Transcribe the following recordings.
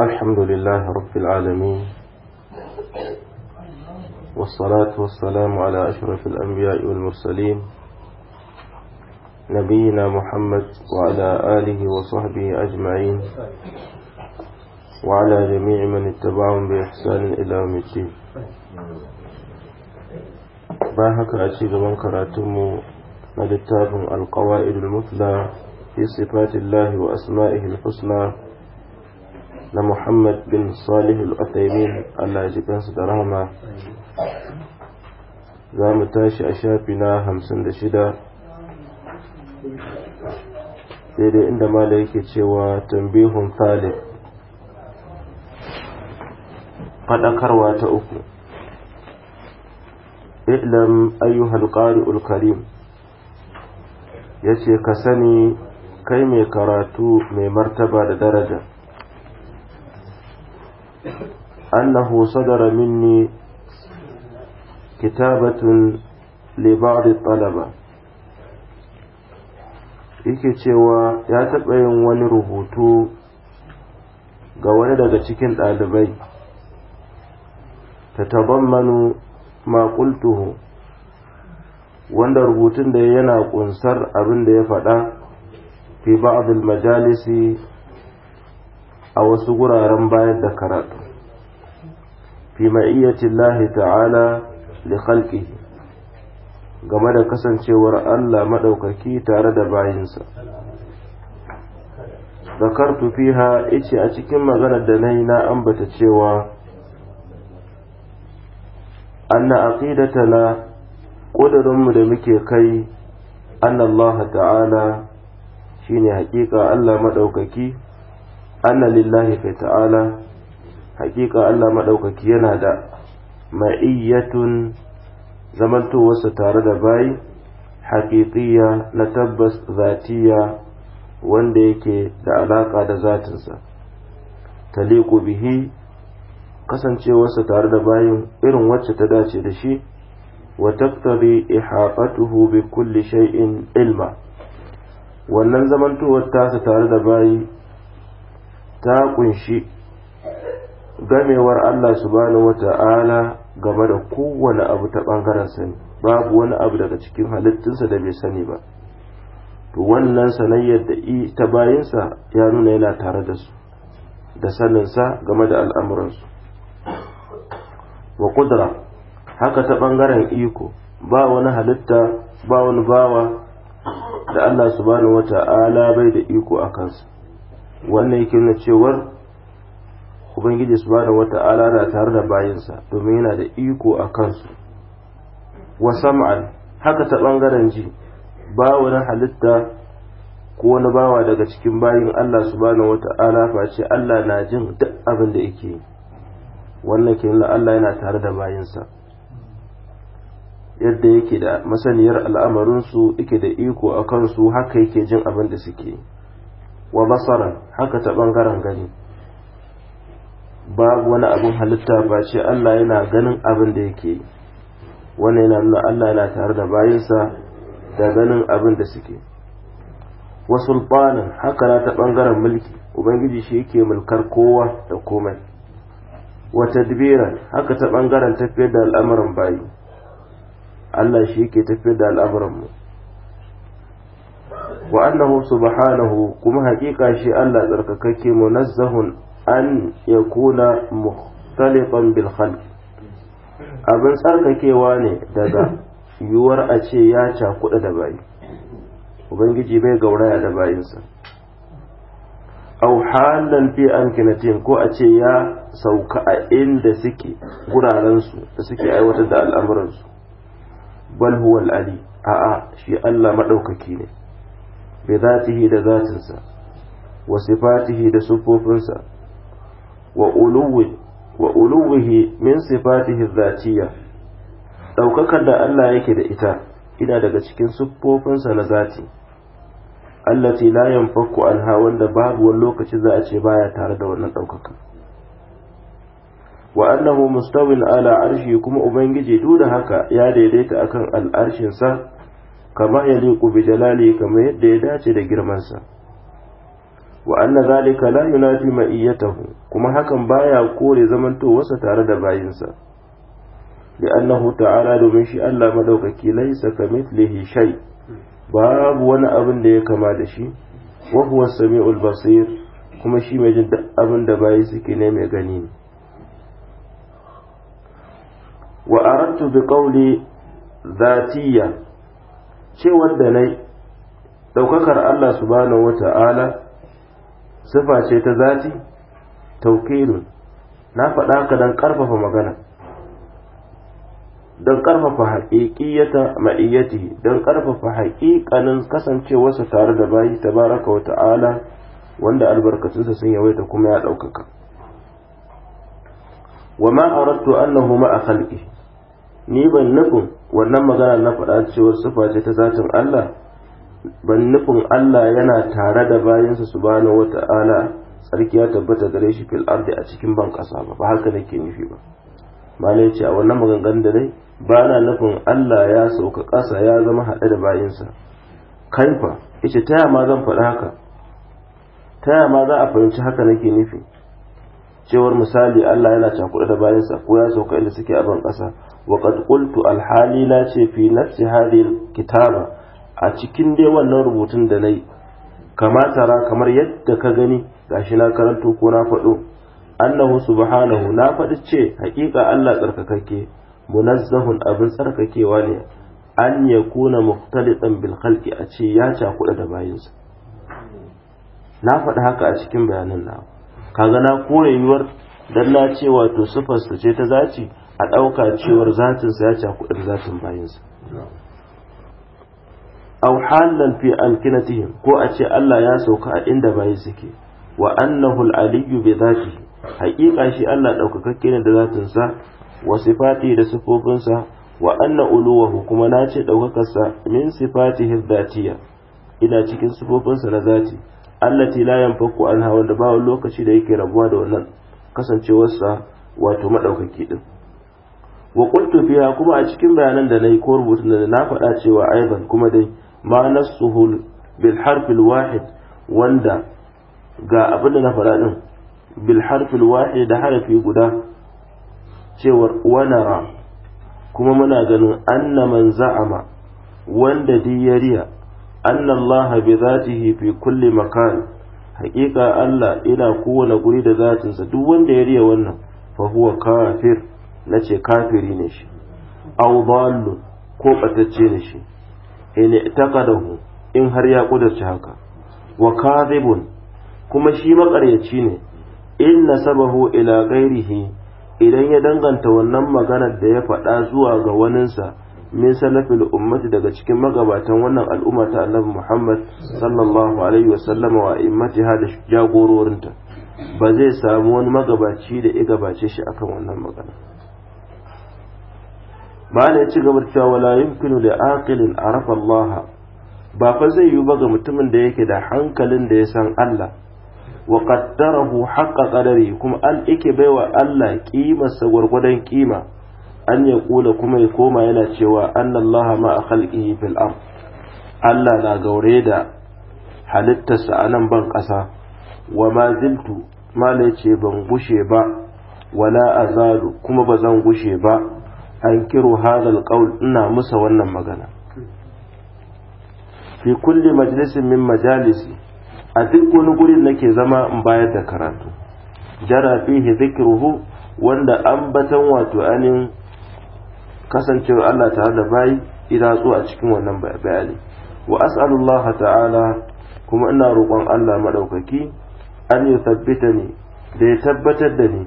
الحمد لله رب العالمين والصلاة والسلام على أشرف الأنبياء والمرسلين نبينا محمد وعلى آله وصحبه أجمعين وعلى جميع من اتبعهم بإحسان إلى يوم الدين باهك أشيد من كراتم للتاب القوائد المثلى في صفات الله وأسمائه الحسنى na muhammad bin salih al allah ya ji kansa da rahama za mu tashi a shafi na hamsin da shida daidai inda mala yake cewa tambihun talib faɗakarwa ta uku ilam ayyuhal ƙari'ul karim ya ce ka sani kai mai karatu mai martaba da daraja أنه صدر مني كتابة لبعض الطلبة yake cewa ya taɓa yin wani rubutu ga wani daga cikin ɗalibai ta tabammanu maƙultuhu wanda rubutun da yana ƙunsar abin da ya faɗa fi ba'd majalisi a wasu guraren bayar da karatu fi ma'iyyatillahi ta'ala li khalqihi game da kasancewar Allah maɗaukaki tare da bayinsa zakartu fiha ice a cikin maganar da na yi na ambata cewa anna na, ƙudurinmu da muke kai anna Allah ta'ala shine haƙiƙa Allah maɗaukaki anna lillahi kai ta'ala hakika Allah maɗaukaki yana da ma'iyyatun zamantowarsa tare da bayi haƙiƙiya na tabbas zatiya wanda yake da alaƙa da zatinsa taliku bihi kasancewarsa tare da bayin irin wacce ta dace da shi wa taftari ihaqatuhu bi kulli shay'in ilma wannan zamantowar tasa tare da bayi ta kunshi gamewar Allah subhanahu wata'ala game da kowane abu ta bangaren sani babu wani abu daga cikin halittinsa da bai sani ba to wannan sanayyar da ta bayinsa ya nuna yana tare da su da saninsa game da al'amuransu wa kudura haka ta bangaren iko ba wani halitta ba wani bawa da Allah subhanahu wata'ala bai da iko a kansa wannan yake nuna cewar ubangiji subhanahu wata'ala na tare da bayinsa domin yana da iko a kansu wa sam'an haka ta bangaren ji ba wani halitta ko wani bawa daga cikin bayin Allah subhanahu wata'ala face Allah na jin duk abin da yake wannan ke nuna Allah yana tare da bayinsa yadda yake da masaniyar al'amarinsu yake da iko a kansu haka yake jin abin da suke yi wa basaran haka ta bangaren gani babu wani abin halitta ba ce Allah yana ganin abin da yake wannan yana nuna Allah yana tare da bayinsa da ganin abin da suke wa sultanin haka na ta bangaren mulki ubangiji shi yake mulkar kowa da komai wa tadbiran haka ta bangaren tafiyar da al'amuran bayi Allah shi yake tafiyar da al'amuranmu. wa annahu subhanahu kuma haƙiƙa shi Allah tsarkakakke munazzahun an yakuna mukhtalitan bil khalq abin tsarkakewa ne daga yiwuwar a ce ya cakuɗa da bayi ubangiji bai gauraya da bayinsa au halan fi amkinatin ko a ce ya sauka a inda suke gurarensu da suke aiwatar da al'amuransu bal huwa ali a'a shi Allah maɗaukaki ne bi zatihi da zatinsa wa sifatihi da sufofinsa wa uluwihi min sifatihi zatiya daukakar da Allah yake da ita ina daga cikin sifofinsa na zati allati la yanfaku anha wanda babu wani lokaci za a ce baya tare da wannan daukakar wa annahu mustawil ala arshi kuma ubangiji duk da haka ya daidaita akan al'arshinsa kama ya liku bi jalali kama yadda ya dace da girmansa wa anna zalika la yunafi ma'iyatahu kuma hakan baya kore zamantowarsa tare da bayinsa li'annahu ta'ala domin shi Allah madaukaki laisa kamithlihi shay babu wani abin da ya kama da shi wa huwa samiul basir kuma shi mai jin duk abin da bayi suke ne mai gani ne wa aradtu bi qawli dhatiyya cewar da nai ɗaukakar Allah subhanahu wa ta'ala sifa ce ta zati taukilun na faɗa ka don ƙarfafa magana don ƙarfafa haƙiƙiyata ma'iyyati don ƙarfafa haƙiƙanin kasancewarsa tare da bayi tabaraka wa ta'ala wanda albarkacinsa sun yawaita kuma ya ɗaukaka wa ma arattu annahu ma'a khalqi ni ban nufin wannan magana na faɗa cewar sufa ce ta zatin Allah ban nufin Allah yana tare da bayansa su wata ala tsarki ya tabbata gare shi fil ardi a cikin ban kasa ba ba haka nake nufi ba malai ce a wannan maganganun da dai ba na nufin Allah ya sauka ƙasa ya zama haɗe da bayansa kaifa ita ta ma zan faɗi haka ta ma za a fahimci haka nake nufi cewar misali Allah yana cakuɗa da bayansa ko ya sauka inda suke a ban ƙasa wa qad qultu alhali la ce fi nafsi hadhihi kitaba a cikin dai wannan rubutun da nayi kama tara kamar yadda ka gani gashi na karanto ko na faɗo annahu subhanahu na faɗi ce haƙiƙa Allah tsarkakakke munazzahun abin tsarkakewa ne an yakuna mukhtalitan bil khalqi a ce ya cakuɗa da bayansa. na faɗi haka a cikin bayanan nawa kaga na kore yiwuwar dan na ce wato su ce ta zaci a ɗauka cewar zatinsa ya kuɗin zatin bayansa aw halan fi alkinatihim ko a ce Allah ya sauka a inda bayi suke wa annahu al bi zati haqiqa shi Allah daukakakke ne da zatin sa wa sifati da sifofin sa wa anna uluwahu kuma na ce ɗaukakarsa sa min sifatihi dhatiyya ina cikin sifofin sa na zati allati la yanfaku anha wanda ba wani lokaci da yake rabuwa da wannan kasancewarsa wato madaukaki din wa qultu fiha kuma a cikin bayanan da nayi ko rubutun da na faɗa cewa aiban kuma dai ma nasuhu bil harf al wahid wanda ga abin da na faɗa din bil wahid da harafi guda cewar wanara kuma muna ganin anna man za'ama wanda diyariya anna allaha bi zatihi fi kulli makan haƙiƙa Allah ina kowane guri da zatinsa duk wanda ya riya wannan fa huwa kafir na ce kafiri ne shi aw dallu ko batacce ne shi in i'taqadahu in har ya kudarci haka wa kadhibun kuma shi maƙaryaci ne in nasabahu ila ghairihi idan ya danganta wannan maganar da ya faɗa zuwa ga waninsa min salafil ummati daga cikin magabatan wannan al'umma ta annabi Muhammad sallallahu alaihi jagororinta ba zai samu wani magabaci da ya gabace shi akan wannan magana ba da ya ci gaba cewa wala yumkinu li aqilin arafa Allah ba fa zai yi ba ga mutumin da yake da hankalin da ya san Allah wa qaddarahu haqqa qadari kuma an yake baiwa Allah kimarsa gwargwadon ƙima. an ya kula kuma ya koma yana cewa annallaha a khalqihi fil ard Allah na gaure da halittarsa a nan ban ƙasa wa ma ziltu mala ce ban gushe ba wala azalu kuma ba zan gushe ba an kiro hadal qaul ina musa wannan magana fi kulli majlisin min majalisi a duk wani gurin nake zama in bayar da karatu jara fihi zikruhu wanda ambatan wato anin kasancewar Allah tare da bayi idan su a cikin wannan bayani wa as'alullah ta'ala kuma ina roƙon Allah madaukaki an tabbita ne da ya tabbatar da ni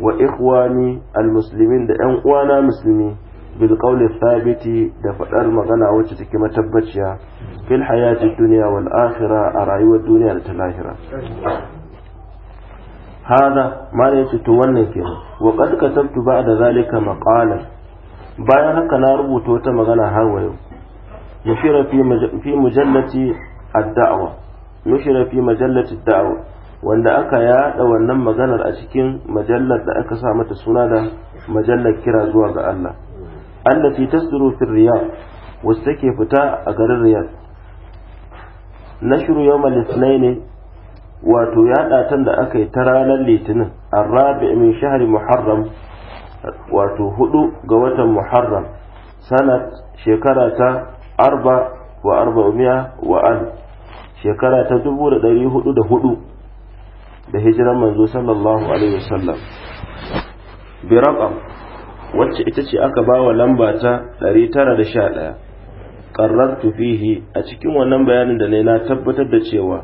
wa ikhwani almuslimin da ƴan uwana musulmi bil qawli thabiti da faɗar magana wacce take matabbaciya fil hayati dunya wal akhirah a rayuwar duniya da ta lahira hada ma ne to wannan kenan wa qad katabtu ba'da zalika maqalan bayan haka na rubuta wata magana har wa yau nushira fi mujallati ad-da'wa nushira fi mujallati ad wanda aka yada wannan maganar a cikin majallar da aka sa mata suna da majallar kira zuwa ga Allah allati tasduru fi riyad wacce take fita a garin riyad nashru al ithnain wato yada tan da aka yi ta ranar litinin arabi min shahri muharram wato hudu ga watan muharram sanat shekara ta arba wa arba'umiya wa an shekara ta dubu da dari hudu da hudu da hijiran manzo sallallahu alaihi wasallam bi raqam wacce ita ce aka ba wa lamba ta 911 qarrartu fihi a cikin wannan bayanin da ne na tabbatar da cewa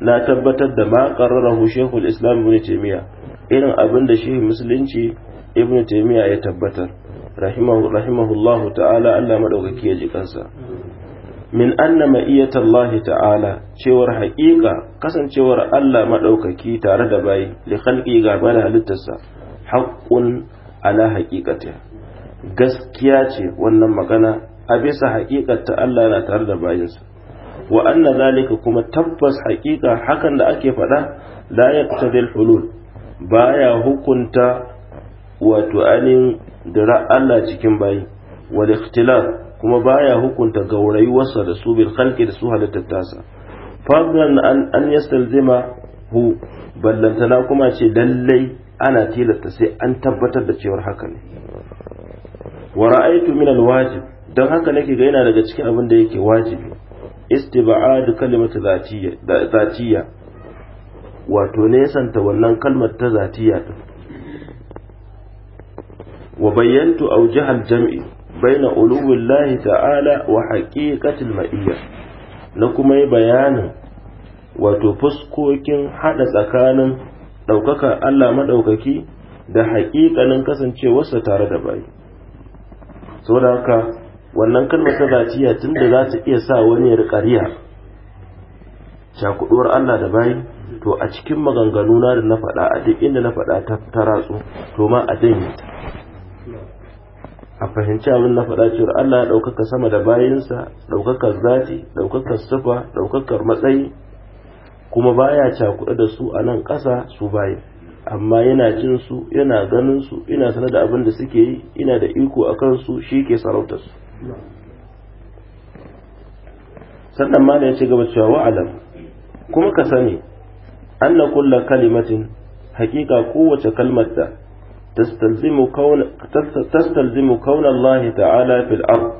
na tabbatar da ma qarrarahu shaykhul islam ibn taymiya irin abin da shehu musulunci ibn taymiya ya tabbatar rahimahullahu ta'ala Allah madaukaki ya ji kansa min anna ma'iyatallahi ta'ala cewar haƙiƙa kasancewar Allah madaukaki tare da bayi li khalqi gaba da halittarsa haqqun ala haqiqatiha gaskiya ce wannan magana a bisa haƙiƙarta Allah na tare da bayinsa wa anna zalika kuma tabbas haƙiƙa hakan da ake faɗa la yaqtadil hulul baya hukunta wato ainihin dira Allah cikin bayi wal ikhtilaf kuma baya hukunta gaurayuwarsa da su bil khalqi da su tasa? fadlan an an yastalzima hu ballantana kuma ce lallai ana tilasta sai an tabbatar da cewar haka ne wa ra'aytu min al wajib dan haka nake ga yana daga cikin abin da yake wajibi istiba'ad kalimatu zatiyya zatiyya wato nesanta wannan kalmar ta zatiyya din wa bayyantu aujihar jam'i baina uluwillahi ta'ala wa haqiqatil ma'iyya na kuma yi bayanin wato fuskokin haɗa tsakanin daukakar Allah maɗaukaki, da haƙiƙanin kasancewarsa tare da bayi saboda haka wannan kalmar ta tunda za ta iya sa wani ya riƙa cakuɗuwar Allah da bayi to a cikin maganganu na da na faɗa a duk inda na faɗa ta ratsu to ma a janye ta a fahimci abin na faɗa cewa Allah ya ɗaukaka sama da bayinsa ɗaukakar zati, ɗaukakar sufa ɗaukakar matsayi kuma baya cakuɗa da su a nan ƙasa su bayi amma yana jin su yana ganin su ina sanar da abin da suke yi ina da iko a kansu shi ke sarauta su sannan ma ya ci gaba cewa wa'alam kuma ka sani anna kulle kalimatin hakika kowace kalmar da تستلزم كون تستلزم كون الله تعالى في الأرض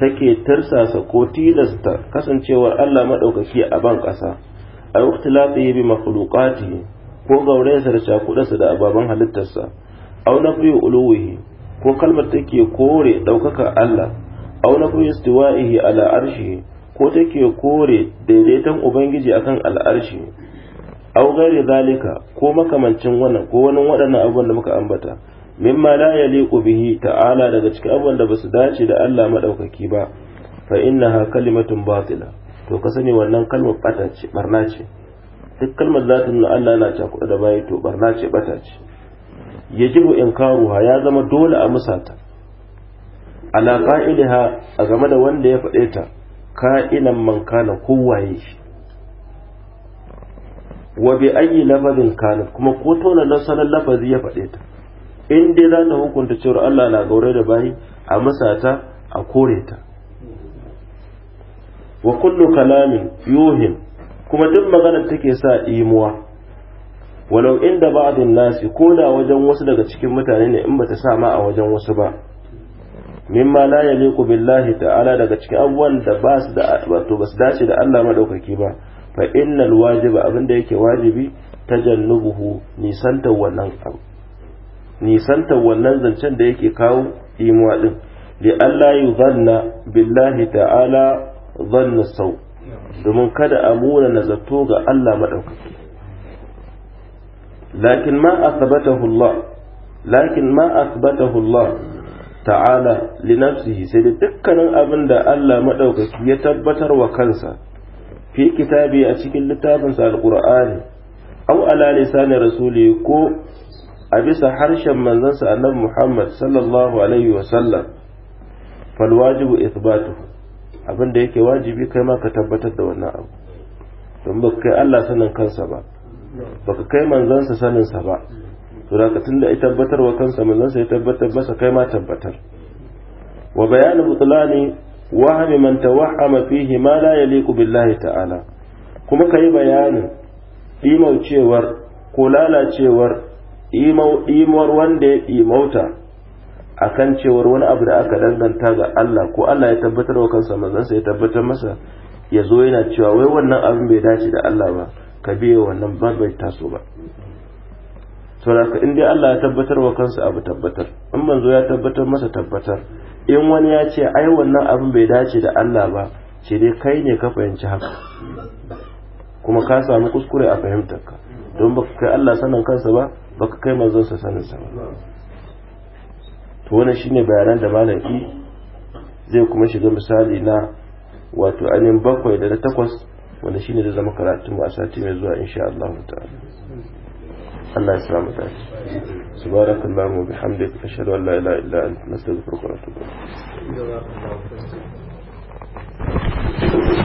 تكي ترسى سكوتي لست قسن شوار ألا مدوككي أبان قسا أو اختلاطه بمخلوقاته ko gaurayarsa da cakudarsa da ababen halittarsa au na uluwihi ko kalmar take kore ɗaukaka Allah au na fiye istiwa'ihi ala arshihi ko take kore daidaiton ubangiji akan al'arshi aw ghairi zalika ko makamancin wannan ko wani waɗannan abubuwan da muka ambata mimma la yaliqu bihi ta'ala daga cikin abubuwan da basu dace da Allah madaukaki ba fa innaha kalimatun batila to ka sani wannan kalmar bata ce barna ce duk kalmar zata nuna Allah na cakuɗa da bayi to barna ce bata ce yajibu inkaruha ya zama dole a musata ala qa'ilaha a game da wanda ya faɗe ta ka'inan man kana kowaye shi wa bi ayi lafazin kanat kuma ko tona na sanan lafazi ya faɗe ta in dai za na hukunta cewar Allah na gaure da bayi a masata a kore ta wa kullu kalamin yuhin kuma duk maganar take sa imuwa walau inda ba'dun nasi ko da wajen wasu daga cikin mutane ne in bata sa ma a wajen wasu ba mimma la yaliqu billahi ta'ala daga cikin abubuwan da ba su da wato ba su dace da Allah madaukaki ba fa innal wajiba abinda yake wajibi tajannubuhu nisantar wannan abu nisantar wannan zancen da yake kawo imuwa din da Allah yi zanna billahi ta'ala zanna sau domin kada a muna na zato ga Allah maɗaukaki lakin ma asbatahu Allah lakin ma asbatahu Allah ta'ala li nafsihi sai da dukkanin abin da Allah maɗaukaki ya tabbatar wa kansa fi kitabi a cikin littafinsa alqur'ani aw ala lisani rasuli ko a bisa harshen manzansa annabi Muhammad sallallahu alaihi wa sallam fal wajibu ithbatu abin da yake wajibi kai ma ka tabbatar da wannan abu don ba kai Allah sanin kansa ba ba ka kai manzansa sanin sa ba to da tunda ya tabbatar wa kansa manzansa ya tabbatar masa kai ma tabbatar wa bayanu butlani wahami man tawahama fihi ma la yaliqu billahi ta'ala kuma kai bayanin imaucewar ko lalacewar imar wanda ya imauta akan cewar wani abu da aka danganta ga Allah ko Allah ya tabbatar wa kansa sa ya tabbatar masa ya zo yana cewa wai wannan abin bai dace da Allah ba ka biye wannan ba bai taso ba saboda in dai Allah ya tabbatar wa kansa abu tabbatar in manzo ya tabbatar masa tabbatar in wani ya ce ai wannan abin bai dace da Allah ba ce dai kai ne ka fahimci haka kuma ka samu kuskure a fahimtarka don baka kai Allah sanin kansa ba baka kai sa sanin sa ba to wannan shine bayanan da malaki zai kuma shiga misali na wato anin bakwai da na takwas wanda shine zai zama karatu a sati mai zuwa insha Allah ta'ala Allah ya samu dace subhanakallahu wa bihamdik ashhadu an la ilaha illa wa natubu